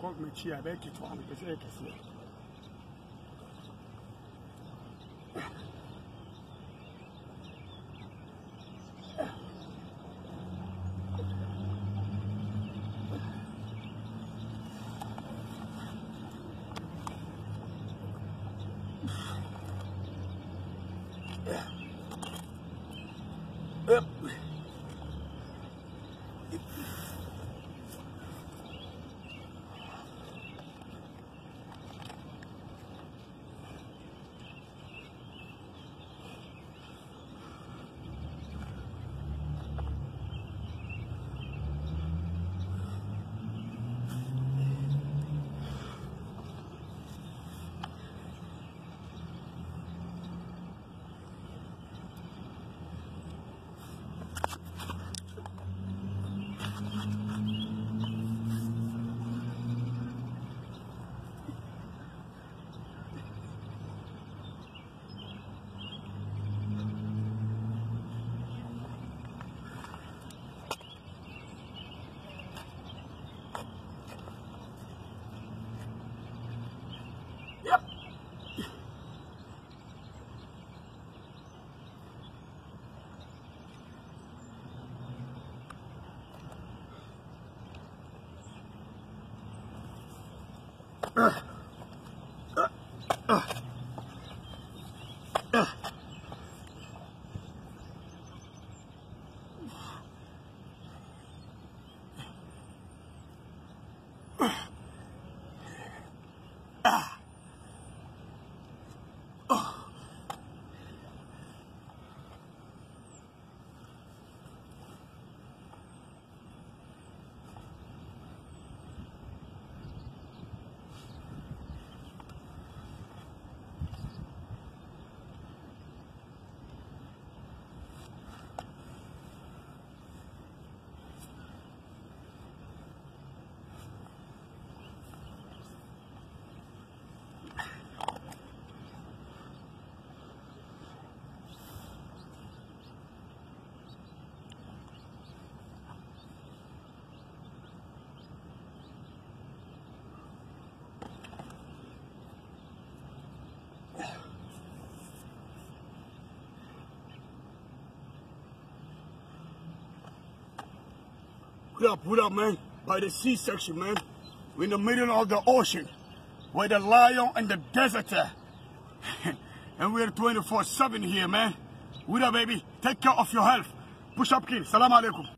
خود مچی avec et toi, mais c'est cassé. Yep. Ah! What up, what up, man? By the C-section, man. We're in the middle of the ocean, where the lion and the desert are. and we're 24-7 here, man. What up, baby? Take care of your health. Push up, kid. Salam alaikum.